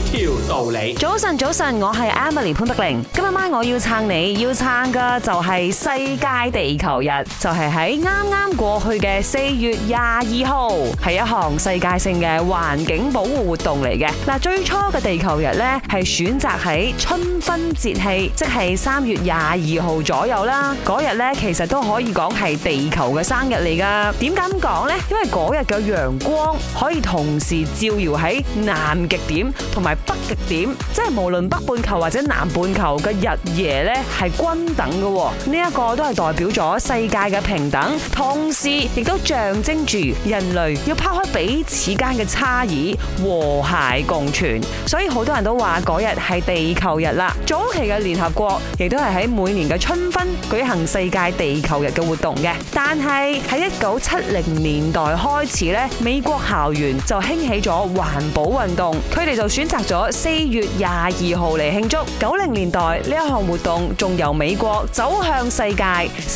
條道理。早晨，早晨，我係 Emily 潘德玲。今日晚我要撐你，要撐噶就係世界地球日，就係喺啱啱過去嘅四月廿二號，係一項世界性嘅環境保護活動嚟嘅。嗱，最初嘅地球日呢，係選擇喺春分節氣，即係三月廿二號左右啦。嗰日呢，其實都可以講係地球嘅生日嚟噶。點解咁講呢？因為嗰日嘅陽光可以同時照耀喺南極點同埋北極點，即係無論北半球或者南半球嘅日夜咧，係均等嘅。呢一個都係代表咗世界嘅平等，同時亦都象徵住人類要拋開彼此間嘅差異，和諧共存。所以好多人都話嗰日係地球日啦。早期嘅聯合國亦都係喺每年嘅春分舉行世界地球日嘅活動嘅。但係喺一九七零年代開始咧，美國校園就興起咗環保運動，佢哋就選擇擇咗四月廿二號嚟慶祝九零年代呢一項活動，仲由美國走向世界，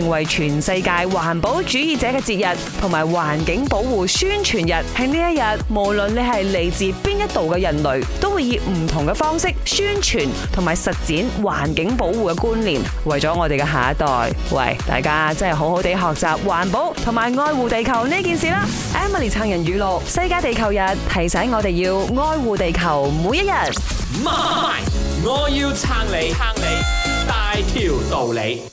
成為全世界環保主義者嘅節日同埋環境保護宣傳日。喺呢一日，無論你係嚟自邊一度嘅人類，都。以唔同嘅方式宣傳同埋實踐環境保護嘅觀念，為咗我哋嘅下一代喂，喂大家真係好好地學習環保同埋愛護地球呢件事啦！Emily 撐人語錄，世界地球日提醒我哋要愛護地球每一日。我要撐你，撐你大條道理。